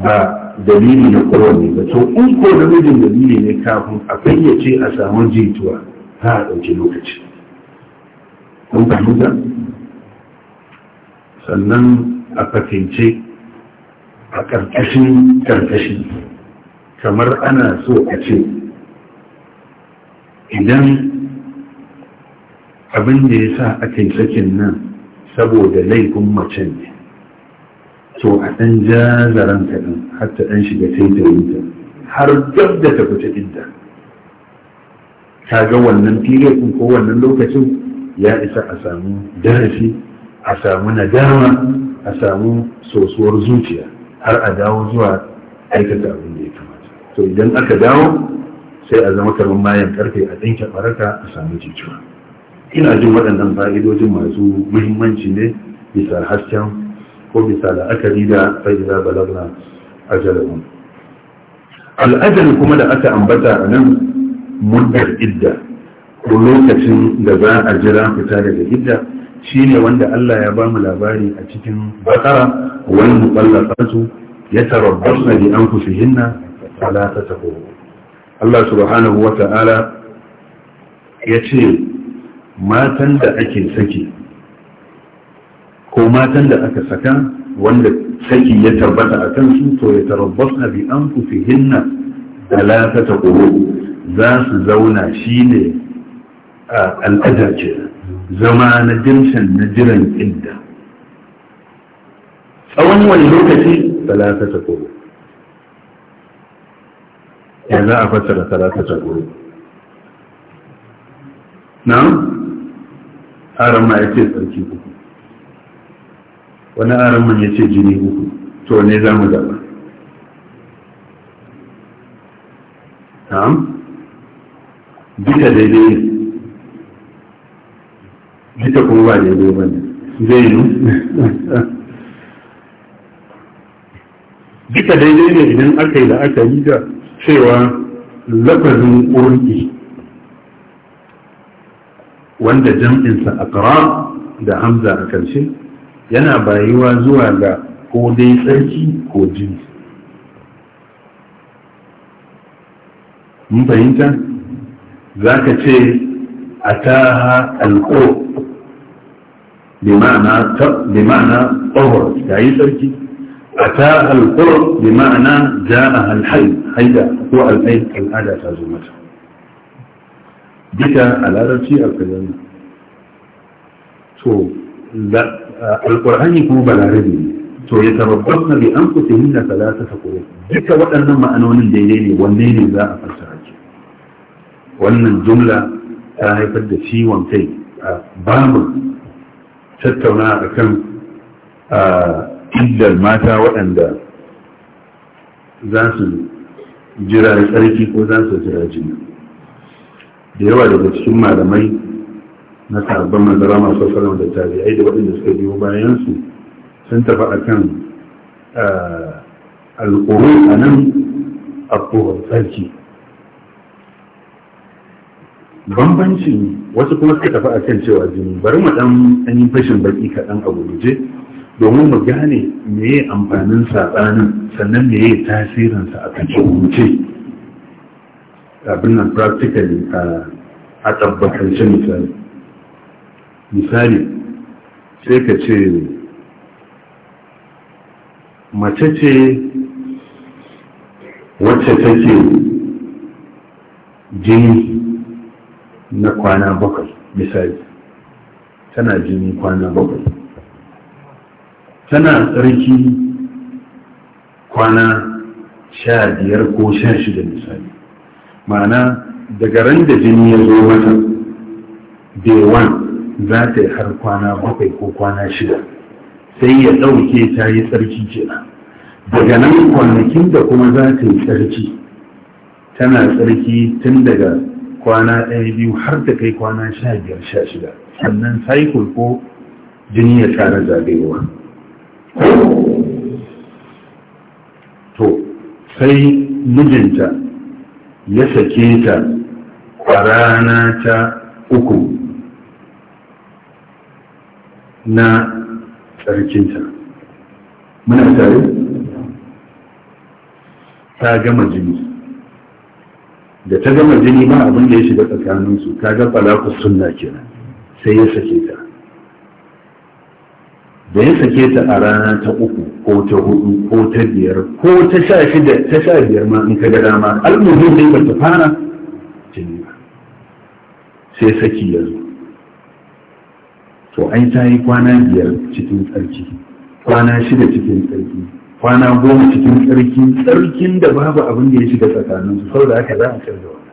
ba dalili na kowane ba to in ko namijin dalili ne kafin a fayyace a samu jituwa ta a ɗauki lokaci kun fahimta sannan a fatince a ƙarƙashin ƙarƙashin kamar ana so a ce idan abin da ya sa aka yi sakin nan saboda laifin mace ne to a ɗan jazaran ta ɗan har ta ɗan shiga taitayinta har gab da ta fita inda ta ga wannan filin ko wannan lokacin ya isa a samu darasi a samu nadama a samu sosuwar zuciya har a dawo zuwa aikata abin da ya kamata to idan aka dawo sai a zama kamar mayan karfe a ɗinke baraka a samu jituwa ina jin waɗannan fa'idojin masu muhimmanci ne bisa hasken ko bisa la'akari da fa'ida balagna ajalahum al'ajal kuma da aka ambata a nan muddar idda ko lokacin da za a jira fita daga idda shine wanda Allah ya ba mu labari a cikin bakara an muqallafatu yatarabbasna bi anfusihinna salatatahu Allah subhanahu wa ta'ala ce. matan da ake saki ko matan da aka saka wanda saki ya tabbata a kansu to ya tarabbas na bi an kufi hinna talata ta ƙoro za su zauna shi ne a al'adar ce zama na jinshan na jiran inda tsawon wani lokaci da ta ƙoro ya za a fassara talata ta ƙoro na arama ya ce sarki uku wani araman ya ce jini uku to ne za mu zaba na'am Bita daidai ne bita kuma ba daidai ba ne zai yi Bita daidai ne idan aka yi da aka yi da cewa lafazin ƙorki wanda jam'insa aqrar da hamza a karshe yana bayuwa zuwa ga ko dai tsarki ko jini mun fahimta za ka ce a taha alko bima'ana tsohor ya yi tsarki a taha alko bima'ana ja'a alhai ko al'ada ta zo mata bita a larabci alkazana to alkur'ani kuma balarabi ne to ya tarabbas na bi an kusa hinna talata ta kuro duka waɗannan ma'anonin daidai ne wanne ne za a fassara ki wannan jumla ta haifar da ciwon kai a bamu tattauna a kan illar mata waɗanda za su jira tsarki ko za su jira jini da yawa daga cikin malamai na sabon manzara masu salama da tabi'ai da waɗanda suka biyo bayansu sun tafi a kan alƙuru ah, a nan a sarki bambanci wasu kuma suka tafi a kan cewa jini bari mu ɗan an yi fashin baki kaɗan a guje domin mu gane meye amfanin saɓanin sannan meye tasirinsa a kan ce abin nan practically a tabbatance misali misali sai ka ce mace ce wacce take jini na kwana bakwai misali tana jini kwana bakwai tana tsarki kwana sha biyar ko sha shida misali ma'ana daga ran da jini ya zo mata day one za ta yi har kwana bakwai ko kwana shida sai ya ɗauke ta yi tsarki kenan daga nan kwanakin da kuma za ta yi tsarki tana tsarki tun daga kwana ɗaya biyu har da kai kwana sha biyar sha shida sannan cycle ko jini ya tsara zagayewa to sai mijinta ya sake ta a rana ta uku na tsarkinta muna tare ta gama jini da ta gama jini ba abin da ya shiga tsakaninsu ta ga falakus sunna kenan sai ya sake ta da ya sake ta a rana ta uku ko ta hudu ko ta biyar ko ta sha shida ta sha biyar ma in ka ga dama almuhim dai ba ta fara jini ba sai saki ya zo to ai ta yi kwana biyar cikin tsarki kwana shida cikin tsarki kwana goma cikin tsarki tsarkin da babu abin da ya shiga tsakanin su saboda haka za a da wani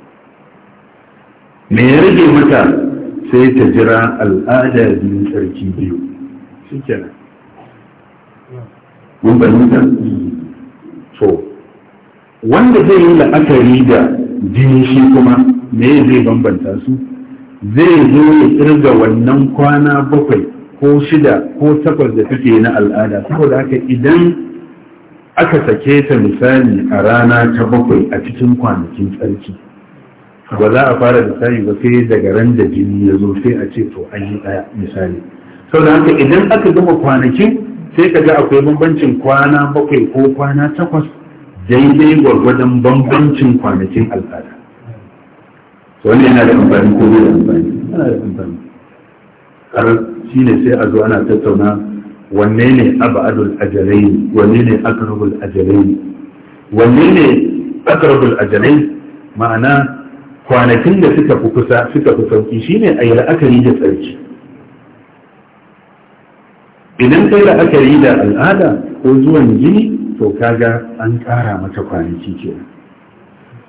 me ya rage mata sai ta jira al'ada biyu tsarki biyu shi mun to wanda zai yi la'akari da jini shi kuma me zai bambanta su zai zo ya kirga wannan kwana bakwai ko shida ko takwas da take na al'ada saboda haka idan aka sake ta misali a rana ta bakwai a cikin kwanakin tsarki ba za a fara misali ba sai daga ran da jini ya zo sai a ce to an yi ɗaya misali sau da haka idan aka gama kwanaki sai ka ga akwai bambancin kwana bakwai ko kwana takwas daidai gwargwadon bambancin kwanakin al'ada wanda yana da amfani ko bai da amfani yana da amfani har shi ne sai a zo ana tattauna wanne ne abadul ajalai wanne ne akrabul ajalai wanne ne akrabul ajalai ma'ana kwanakin da suka fi kusa suka fi sauki shine a yi la'akari da tsarki idan kai da aka yi da al'ada ko zuwan jini to kaga an ƙara mata kwanaki ke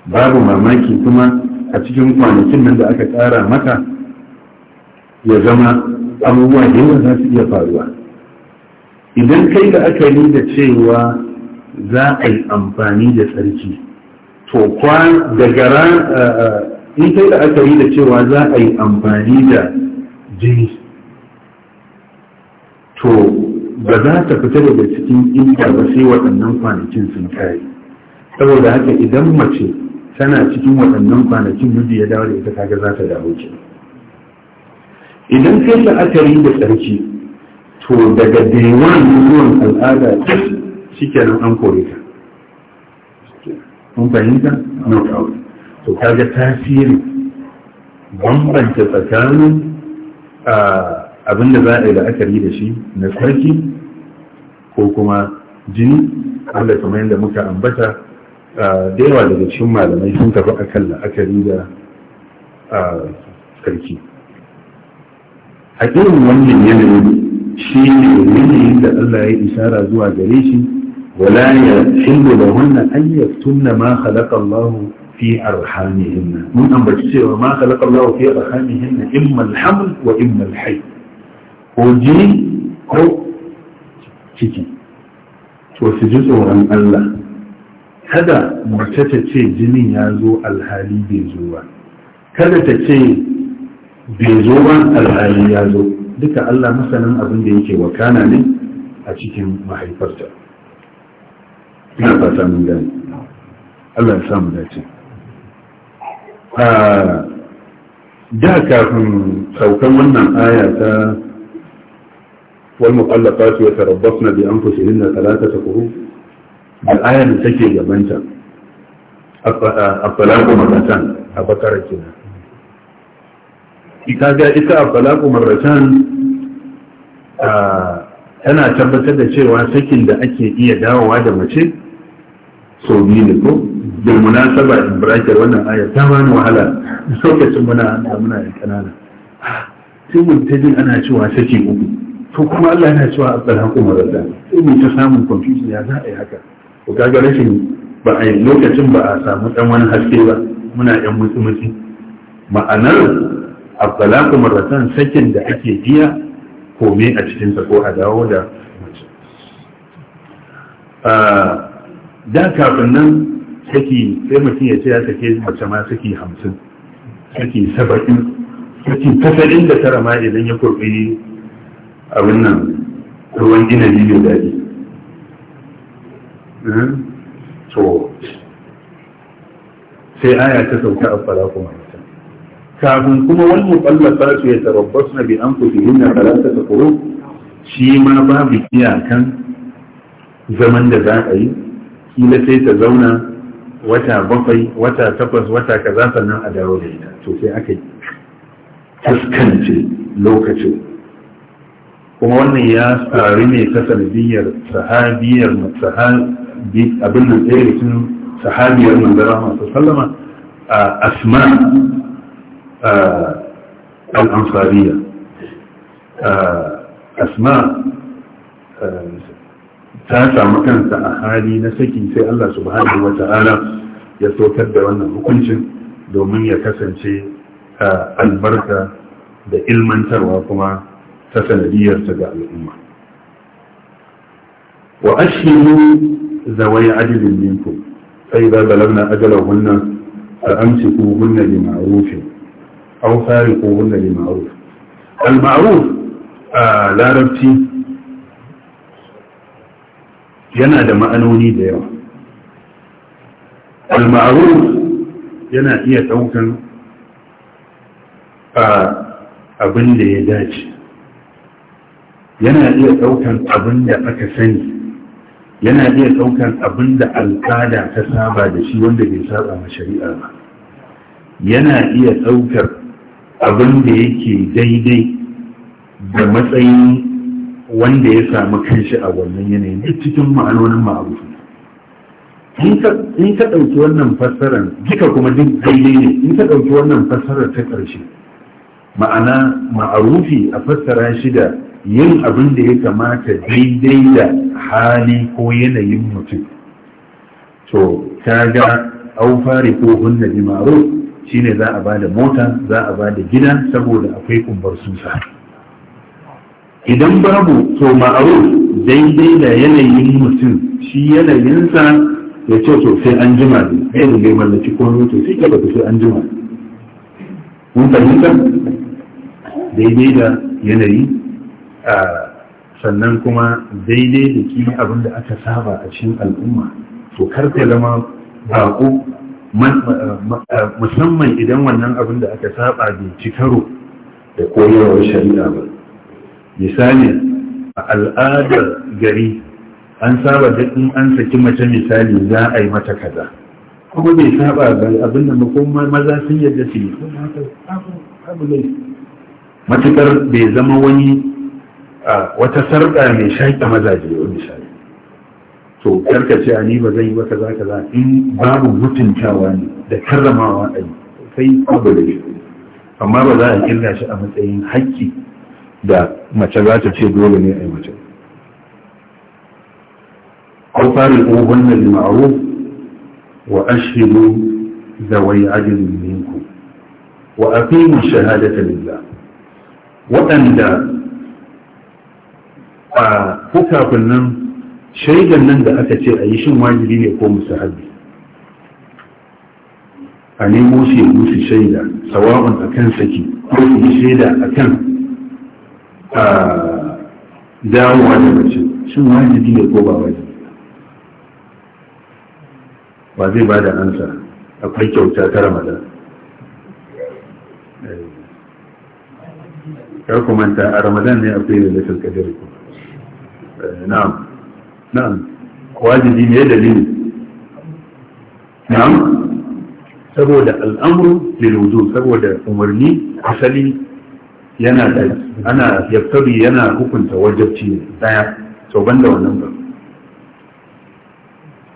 babu mamaki kuma a cikin kwanakin nan da aka kara mata ya zama abubuwa da yawa za su iya faruwa idan kai da aka yi da cewa za a yi amfani da tsarki to da gara eh, eh, in kai da aka yi da cewa za a yi amfani da jini to ba za ta fita daga cikin idda ba sai waɗannan kwanakin sun kare saboda haka idan mace tana cikin waɗannan kwanakin miji ya dawo da ita kaga za ta dawo ke idan kai la'akari da tsarki to daga daiwan zuwan al'ada nan an kore ta fahimta no doubt to kaga tasirin bambanta tsakanin a ah, abinda za a yi la'akari da shi na sarki ko kuma jini wanda kamar yadda muka ambata da yawa daga cikin malamai sun tafi kan la'akari da sarki a irin wannan yanayi shi ne yanayin da Allah ya isara zuwa gare shi wala ya hindu da wannan an yaftunna ma khalaqa Allah في أرحامهن من أمر الشيء وما خلق الله في أرحامهن إما الحمل وإما الحي jini ko ciki to su ji tsoron Allah kada mace ta ce jinin ya zo alhali bai zo ba kada ta ce bai zo ba alhali ya zo duka Allah masanin abin da yake wakana ne a cikin mahaifarta na fata mun gani Allah ya samu dace ah, da kafin saukan wannan aya ta والمطلقات يتربصن بأنفسهن ثلاثة قروب الآية من تكي جبنتا الطلاق مرتان أبكر كنا إذا جاء الطلاق مرتان آه، أنا أتبت هذا الشيء وأسكن دا أكي إيا داو وادا مشي سوبينكو بالمناسبة إبراجر وانا آية تامان وحلا نسوكت منا منا الكنانا سيقول آه، تجل أنا شو أسكي أبو to kuma Allah yana cewa azzar haƙo hukumar ta samun confusion ya za a yi haka ko ga rashin ba a lokacin ba a samu dan wani haske ba muna yan mutumci ma'anar abdalaku marratan sakin da ake jiya kome a cikin sa ko a dawo da mace ah, da kafin nan saki sai mutum ya ce ya sake mace ma saki hamsin saki saba'in saki da tara ma idan ya kurɓi. abin nan ruwan gina biyu daji hmm? so sai aya ta sauka a fara kuma kafin kuma wani mutallaka su ya tarabbas na bi an kuɗi yin na ta shi ma babu iyakan zaman da za a yi kila sai ta zauna wata bakwai wata takwas wata kaza sannan a dawo da ita to sai aka yi taskance lokacin kuma wannan ya faru ne ta sanadiyar sahabiyar sahabi abin da tsaye da cikin sahabiyar manzara masu sallama a asma al'amsariya asma ta samu kanta a hali na saki sai Allah subhanahu wa ta'ala ya saukar da wannan hukuncin domin ya kasance albarka da ilmantarwa kuma فسنديا ارتدى الأمة وأشهدوا ذوي عدل منكم فإذا بلغنا أجلهن فأمسكوهن بمعروف أو فارقوهن بمعروف المعروف آه، لا ربتي ينا دم أنوني ديو المعروف ينا إيا توكن آه، أبن ليداجي yana iya ɗaukan abin da aka sani yana iya ɗaukan abin da al'ada ta saba da shi wanda bai saba ma shari'a ba yana iya ɗaukar abin da yake daidai da matsayin wanda ya samu kanshi a wannan yanayin duk cikin ma'anonin ma'arufi in ka ɗauki wannan fassarar duka kuma duk daidai ne in ka ɗauki wannan fassarar ta ƙarshe ma'ana ma'arufi a fassara shi da yin abin da ya kamata daidai da hali ko yanayin mutum to ta ga aufari ko hunna bi shi shine za a ba da mota za a ba da gida saboda akwai kumbar susa idan babu to ma'aro daidai da yanayin mutum shi yanayinsa ya ce to sai an jima ne kai da bai mallaki komai to sai ka sai an jima mun fahimta daidai da yanayi sannan kuma daidai da kima abin da aka saba a cikin al'umma to ka zama baƙo musamman idan wannan abin da aka saba bai ci karo da koyarwar shari'a ba misali a al'adar gari an saba da in an saki mace misali za a yi mata kaza kuma bai saba ga abin da maza sun yadda su yi matukar bai zama wani Ah, wata sarƙa mai shaƙa mazaje wani shaƙi to karkace a ni ba zai yi ba kaza kaza in babu mutuntawa ne da karramawa a yi sai abu da shi amma ba za a kirga shi a matsayin haƙƙi da mace za ta ce dole ne a yi mace أو فارقوهن بالمعروف وأشهدوا ذوي عدل منكم وأقيموا الشهادة لله waɗanda. a ko kafin nan shaidan nan da aka ce a yi shin wajibi ne ko musahabi a nemo su yi musu shaida sawa'un a kan saki ko su yi shaida a kan dawowa da mace shin wajibi ne ko ba wajibi ba zai ba da ansa akwai kyauta ta ramadan ya eh. ta, a ramadan ne akwai da lafiyar kadiri kuma na'am na'am wajibi ne dalili na'am saboda al'amru lil saboda umarni asali yana da ana yaftabi yana hukunta wajibci daya to banda wannan ba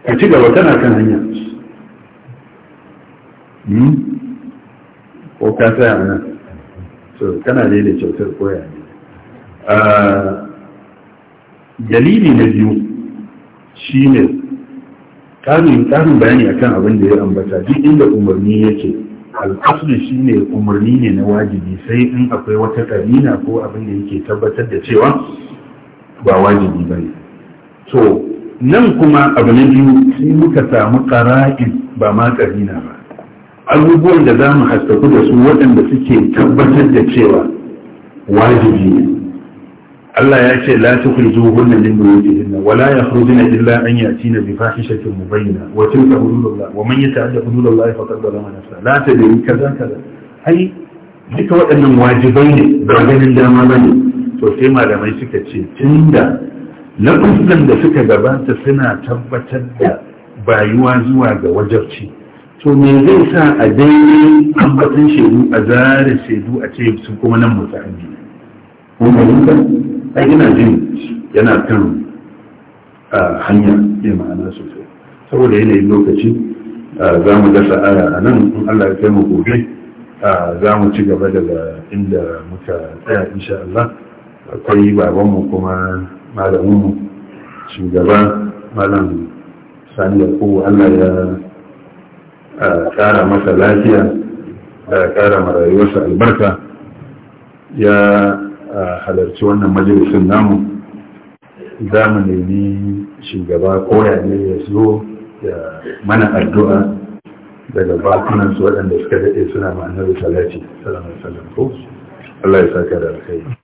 ka ci gaba tana kan hanya hmm? ko ka tsaya nan kana da kyautar koya ne ah, dalili na biyu shi karin ƙarin bayani akan abin da ya ambata duk inda umarni yake shi ne umarni ne na wajibi sai in akwai wata ƙarina ko abin da yake tabbatar da cewa ba wajibi ba ne to nan kuma abu na biyu sai muka samu ƙara'in ba ma ƙarina ba abubuwan da za mu haskaku da su waɗanda suke tabbatar da cewa wajibi ne Allah ya ce la tukhrijuhunna min buyutihinna wa la yakhrujuna illa an yatina bi fahishatin mubayyina wa tilka hududullah wa man yata'adda hududallahi faqad zalama nafsa la tadri kaza kaza ai duka waɗannan wajibai ne ba ganin dama bane to sai malamai suka ce tunda lafazan da suka gabata suna tabbatar da bayuwa zuwa ga wajabci to me zai sa a daidai ambatan shaidu a zare shaidu a ce su kuma nan mutane fahimta. ai ina jin yana kan hanya ya ma'ana sosai saboda yanayin lokaci za mu ga aya a nan in Allah ya kai mu gobe za mu ci gaba daga inda muka tsaya insha Allah akwai babanmu kuma malaminmu shugaba malam sani da kowa Allah ya ƙara masa lafiya da ƙara marayuwarsa albarka ya halarci wannan majalisun namu za mu nemi shugaba koya ne ya zo da mana addu'a daga bakunan su waɗanda suka daɗe suna ma'anar salati salamun salamun ko Allah ya saka da alkhairi